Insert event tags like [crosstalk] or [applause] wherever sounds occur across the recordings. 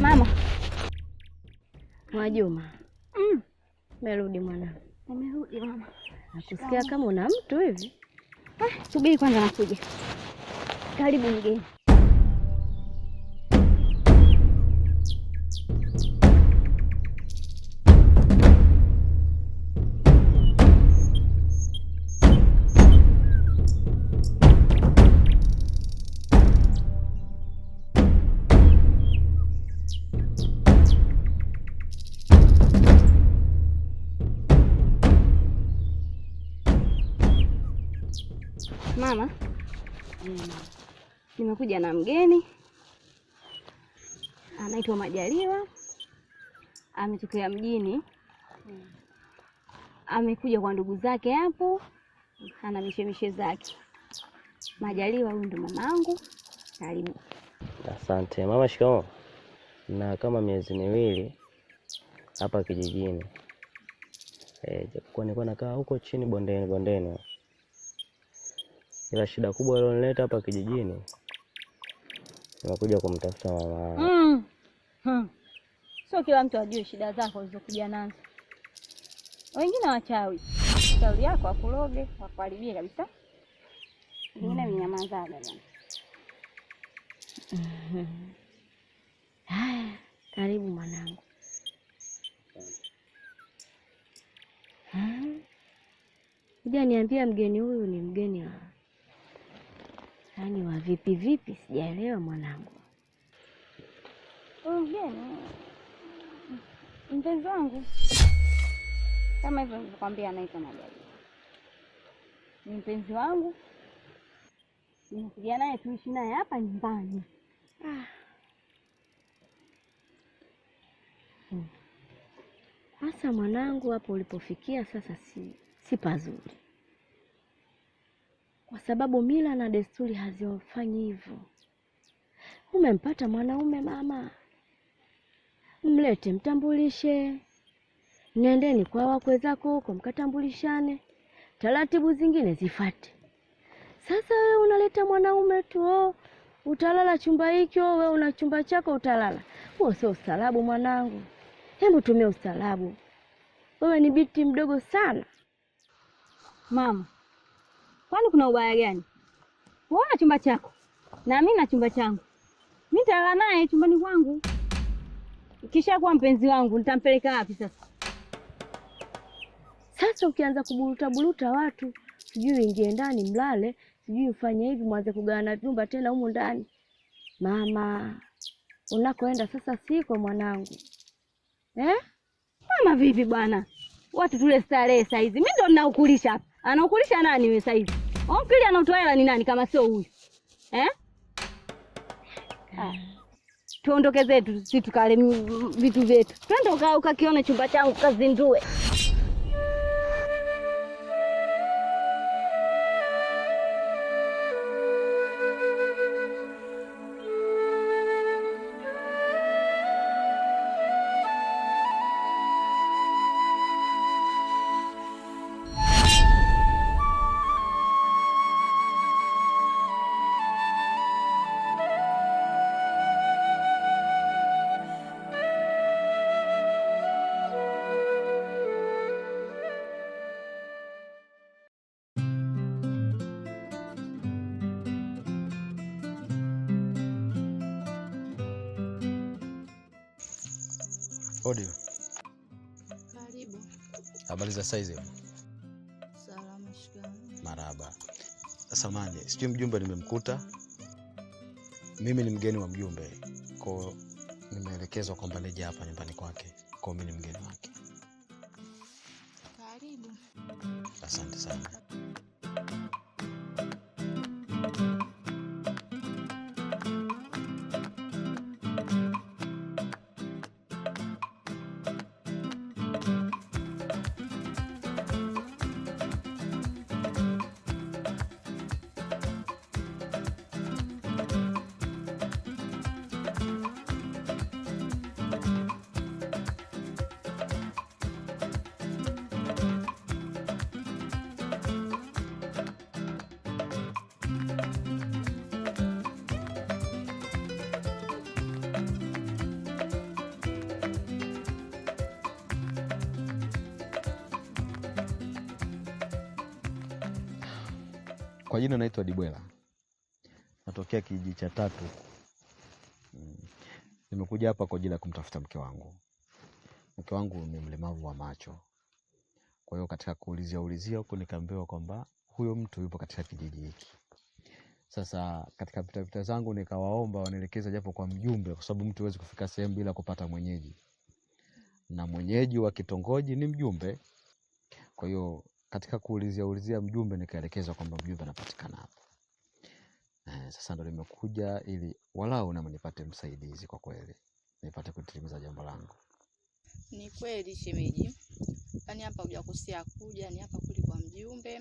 Mama mm. Merudi mwana nimerudi mama. Nakusikia kama una mtu hivi. Ah, subiri kwanza, nakuja. Karibu mgeni. Mama, mm. nimekuja na mgeni anaitwa Majaliwa, ametokea mjini mm. Amekuja kwa ndugu zake hapo, ana mishemishe zake. Majaliwa huyu ndo mamangu. Karibu. Asante mama. shikamo na kama miezi miwili hapa kijijini e, nilikuwa nakaa huko chini bondeni bondeni ila shida kubwa ilionileta hapa kijijini, nimekuja kumtafuta mama. mm. hmm. Sio kila mtu ajue shida zako ulizokuja nazo, wengine wachawi. Shauri yako wakuroge, wakuharibie kabisa, ingine mnyamazaga bana. Haya, karibu mwanangu. Kuja hmm. niambia, mgeni huyu ni mgeni wa Yaani wa vipi vipi, sijaelewa mwanangu. Ongea oh, mpenzi wangu, kama hivyo nilivyokwambia, anaitwa Majaliwa, ni mpenzi wangu, nimekuja naye tuishi naye hapa nyumbani. Ah. Sasa hmm. Mwanangu, hapo ulipofikia sasa si si pazuri kwa sababu mila na desturi haziwafanyi hivyo. Umempata mwanaume mama, mlete, mtambulishe, nendeni kwa wakwe zako huko mkatambulishane, taratibu zingine zifate. Sasa wewe unaleta mwanaume tu, oh, utalala chumba hicho, wewe una chumba chako utalala. Huo sio ustaarabu mwanangu, hebu tumia ustaarabu. Wewe ni binti mdogo sana mama. Kwani kuna ubaya gani? Wewe chumba chako na mimi na chumba changu. Mimi nitalala naye chumbani kwangu, kisha kuwa mpenzi wangu nitampeleka wapi sasa? Sasa ukianza kuburuta buruta watu, sijui ingie ndani mlale, sijui ufanye hivi, mwanze kugawana vyumba tena humu ndani. Mama, unakoenda sasa siko mwanangu eh? Mama vipi bwana, watu tule starehe saa hizi. Mimi ndo ninaukulisha hapa, anaukulisha nani wewe saa hizi? Onkili oh, anatoa hela ni nani kama sio huyu eh? Ah. Tuondoke zetu, si tukale vitu vyetu, twende ukakione chumba changu kazindue. Audio. Karibu. Habari za saizi? Salama, shikamoo. Maraba. Samani, sijui mjumbe nimemkuta. Mimi ni mgeni wa mjumbe, kwa nimeelekezwa kwamba nije hapa nyumbani kwake, kwa mimi ni mgeni wake. Karibu. Asante sana. Kwa jina naitwa Dibwela, natokea kijiji cha tatu. Mm. Nimekuja hapa kwa ajili ya kumtafuta mke wangu. Mke wangu ni mlemavu wa macho, kwa hiyo katika kuulizia ulizia huko nikaambiwa kwamba huyo mtu yupo katika kijiji hiki. Sasa katika vitavita zangu nikawaomba wanielekeza japo kwa mjumbe, kwa sababu mtu hawezi kufika sehemu bila kupata mwenyeji, na mwenyeji wa kitongoji ni mjumbe. Kwa hiyo katika kuulizia ulizia mjumbe nikaelekezwa kwamba mjumbe anapatikana hapo. Eh, sasa ndo nimekuja ili walau nami nipate msaidizi kwa kweli nipate kutimiza jambo langu. Ni kweli shemeji, yani hapa hujakosea kuja, ni hapa kulikuwa mjumbe,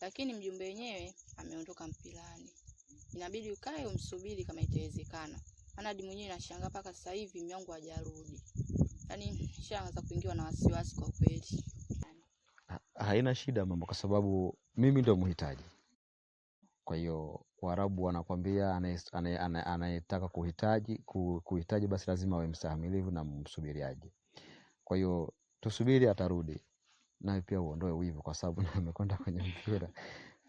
lakini mjumbe wenyewe ameondoka mpilani, inabidi ukae umsubiri kama itawezekana. Maana hadi mwenyewe nashangaa mpaka sasa hivi mwangu hajarudi, yani nishaanza kuingiwa na wasiwasi kwa kweli haina shida mama, kwa sababu mimi ndo mhitaji. Kwa hiyo Waarabu wanakwambia anayetaka kuhitaji kuhitaji basi lazima awe mstahamilivu na msubiriaji. Kwa hiyo tusubiri, atarudi nawe pia uondoe wivu, kwa sababu [laughs] amekwenda kwenye mpira.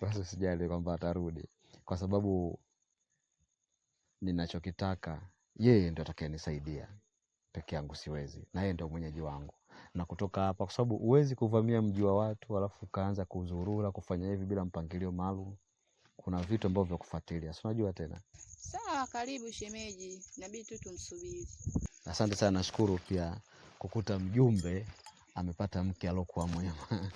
Basi usijali kwamba atarudi, kwa sababu ninachokitaka yeye ndo atakayenisaidia, peke yangu siwezi, na yeye ndo mwenyeji wangu na kutoka hapa, kwa sababu huwezi kuvamia mji wa watu alafu ukaanza kuzurura kufanya hivi bila mpangilio maalum. Kuna vitu ambavyo vya kufuatilia, si unajua tena. Sawa, karibu shemeji, inabidi tu tumsubiri. Asante sana, nashukuru pia kukuta mjumbe amepata mke alokuwa mwema. [laughs]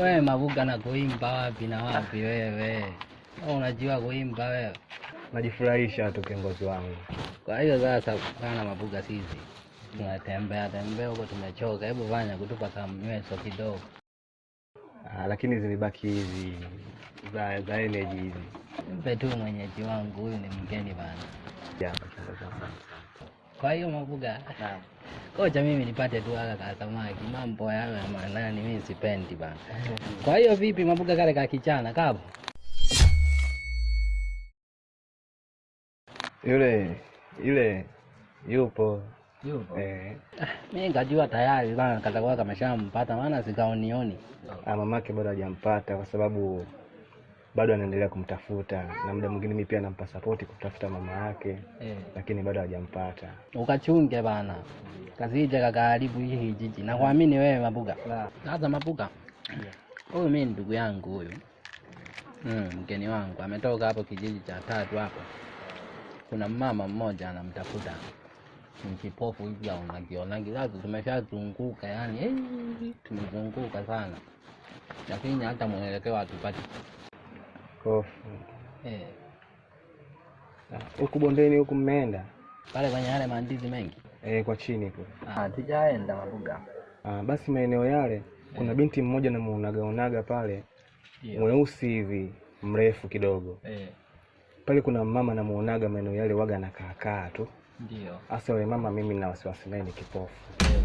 Wewe Mavuga na kuimba wapi na wapi wewe? Unajua kuimba wewe? Najifurahisha tu kiongozi wangu. Kwa hiyo sasa kana Mavuga sisi tunatembea tembea huko tumechoka, hebu fanya kutupa kamnyweso kidogo. Ah, lakini zimebaki hizi za za energy hizi. Mpe tu mwenyeji wangu, huyu ni mgeni bana. Yeah, kwa hiyo Mavuga kocha, mimi nipate tu haka samaki, mambo yao ya manani mimi sipendi bana. Kwa hiyo vipi, mabuga kale ka kichana kapo yule yule yupo yupo eh. ah, mimi nikajua tayari bana katakuwa mpata, maana sikaonioni. Ah, mamake bado hajampata kwa sababu bado anaendelea kumtafuta na muda mwingine mimi pia nampa sapoti kutafuta mama yake e, lakini bado hajampata. Ukachunge bana kazija kakaharibu hii hijiji na kuamini wewe Mabuga. Sasa Mabuga huyu yeah, mimi ndugu yangu huyu mm, mgeni wangu ametoka hapo kijiji cha tatu hapo, kuna mama mmoja anamtafuta mkipofu hivi au nakionangi tumeshazunguka yani hey, eh, tumezunguka sana, lakini hata mwelekeo hatupati Kofu. Eh. Huku bondeni huku mmeenda? Pale kwenye yale mandizi mengi. Eh, kwa chini tu. Ah, tujaenda Mabuga. Ah, basi maeneo yale kuna eh. binti mmoja namuonaga onaga pale. Mweusi hivi, mrefu kidogo. Eh. Pale kuna mama namuonaga maeneo yale waga na kaakaa tu. Ndio. Hasa wewe mama, mimi na wasiwasi naye ni kipofu. Eh.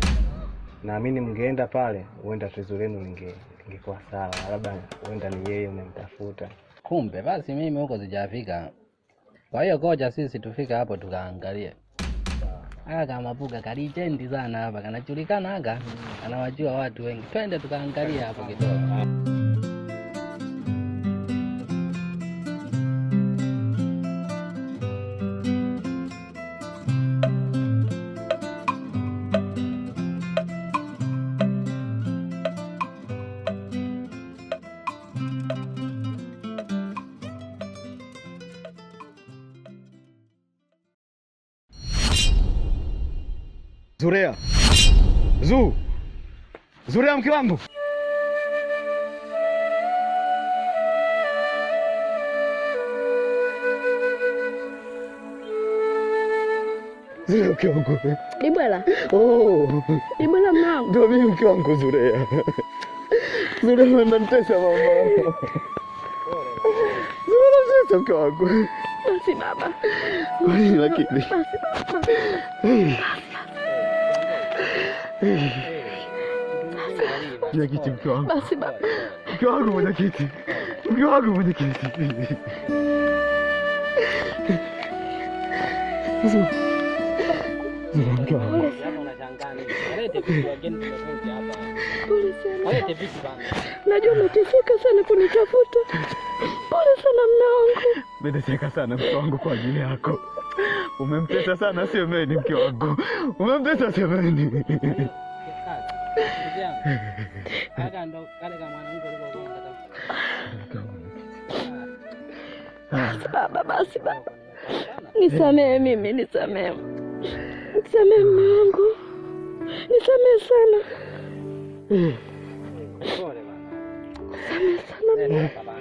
Naamini mngeenda pale, huenda tuzo lenu lingekuwa sawa, labda huenda ni yeye unamtafuta. Kumbe basi mimi huko sijafika. Kwa hiyo koja sisi tufike hapo tukaangalie. Aka mapuga kalijendi sana hapa, kanajulikana aga, anawajua watu wengi. Twende tukaangalia hapo kidogo. Zurea. Zu. Zurea mke wangu. Zurea mke wangu. Ibwela. Oh. Ibwela mnao. Ndio mimi mke wangu Zurea. Zurea ananitesa mama. Zurea ananitesa mke wangu. Basi baba. Lakini. Basi baba. Mwenyekiti, mke wangu, mke wangu, mwenyekiti, mke wangu, mwenyekiti. Najua umeteseka sana kunitafuta. Pole sana, mke wangu. Umeteseka sana mke wangu kwa ajili yako. [laughs] Umemtesa sana Semeni, mke wangu umemtesa Semeni. Baba, basi baba, nisamehe mimi, nisamehe, nisamehe mume wangu, nisamehe sana, nisamehe sana.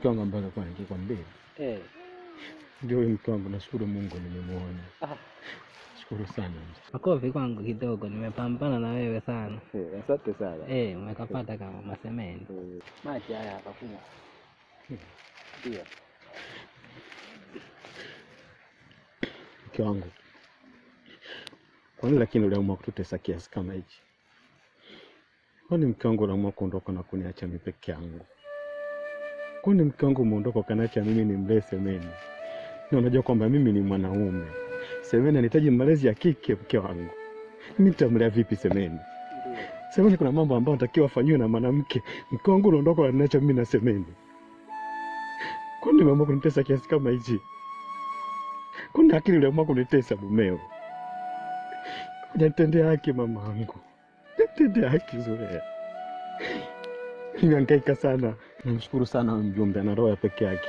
mke wangu ambaye alikuwa nikikwambia eh, ndio huyu mke wangu. Nashukuru Mungu nimemwona. Ah. Shukuru sana. Makofi kwangu kidogo, nimepambana na wewe sana. Eh, Asante sana eh, umekapata kama masemeni eh. maji haya hapa akakunywa, ndio mke wangu. Kwani lakini uliamua kututesa kiasi kama hichi? Kwani mke wangu uliamua kuondoka na kuniacha mimi peke yangu? kwani mke wangu umeondoka kanacha mimi nimlee Semeni? Na unajua kwamba mimi ni mwanaume, Semeni anahitaji malezi ya kike. Mke wangu mimi nitamlea vipi Semeni? Semeni kuna mambo ambayo natakiwa afanyiwe na mwanamke. Mke wangu unaondoka kanacha mimi na Semeni, kwani nimeamua kunitesa kiasi kama hichi? Kuna akili uliamua kunitesa mumeo, unatendea haki mama wangu, unatendea haki Zurea. Nimehangaika sana Nimshukuru sana mjumbe, ana roho ya peke yake.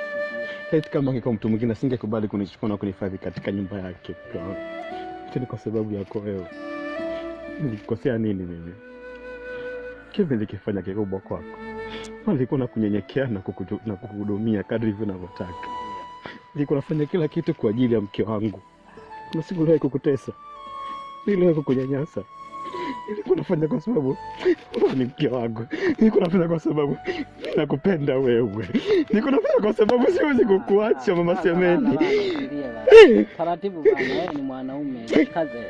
Laiti kama angekuwa mtu mwingine asingekubali kunichukua na kunihifadhi katika nyumba yake. Ni kwa sababu yako wewe. Nilikosea nini mimi? Kipi nilikifanya kikubwa kwako? Nilikuwa kunyenyekea na kukuhudumia kadri hivyo navyotaka. Nilikuwa nafanya kila kitu kwa ajili ya mke wangu. Kuna siku niliwahi kukutesa, niliwahi kukunyanyasa. Nilikuwa nafanya kwa sababu ni mke wangu, nilikuwa nafanya kwa sababu nakupenda wewe, nikutapenda kwa sababu siwezi kukuacha ah, mama ah, ah, Semeni. Taratibu bwana, wewe ni mwanaume kaze.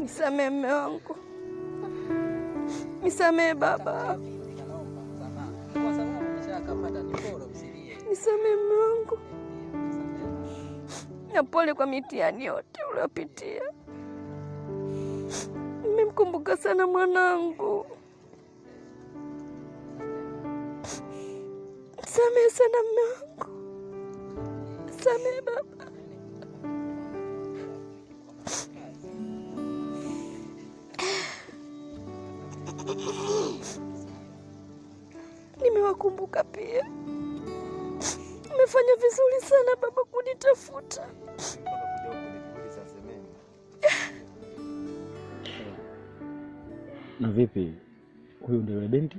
Nisamee mme wangu, nisamee baba, nisamee mme wangu, na pole kwa mitihani yote uliyopitia. Nimemkumbuka sana mwanangu. Samehe sana mme wangu, samehe baba. Nimewakumbuka pia, umefanya vizuri sana baba kunitafuta. Na vipi, huyu ndio yule binti?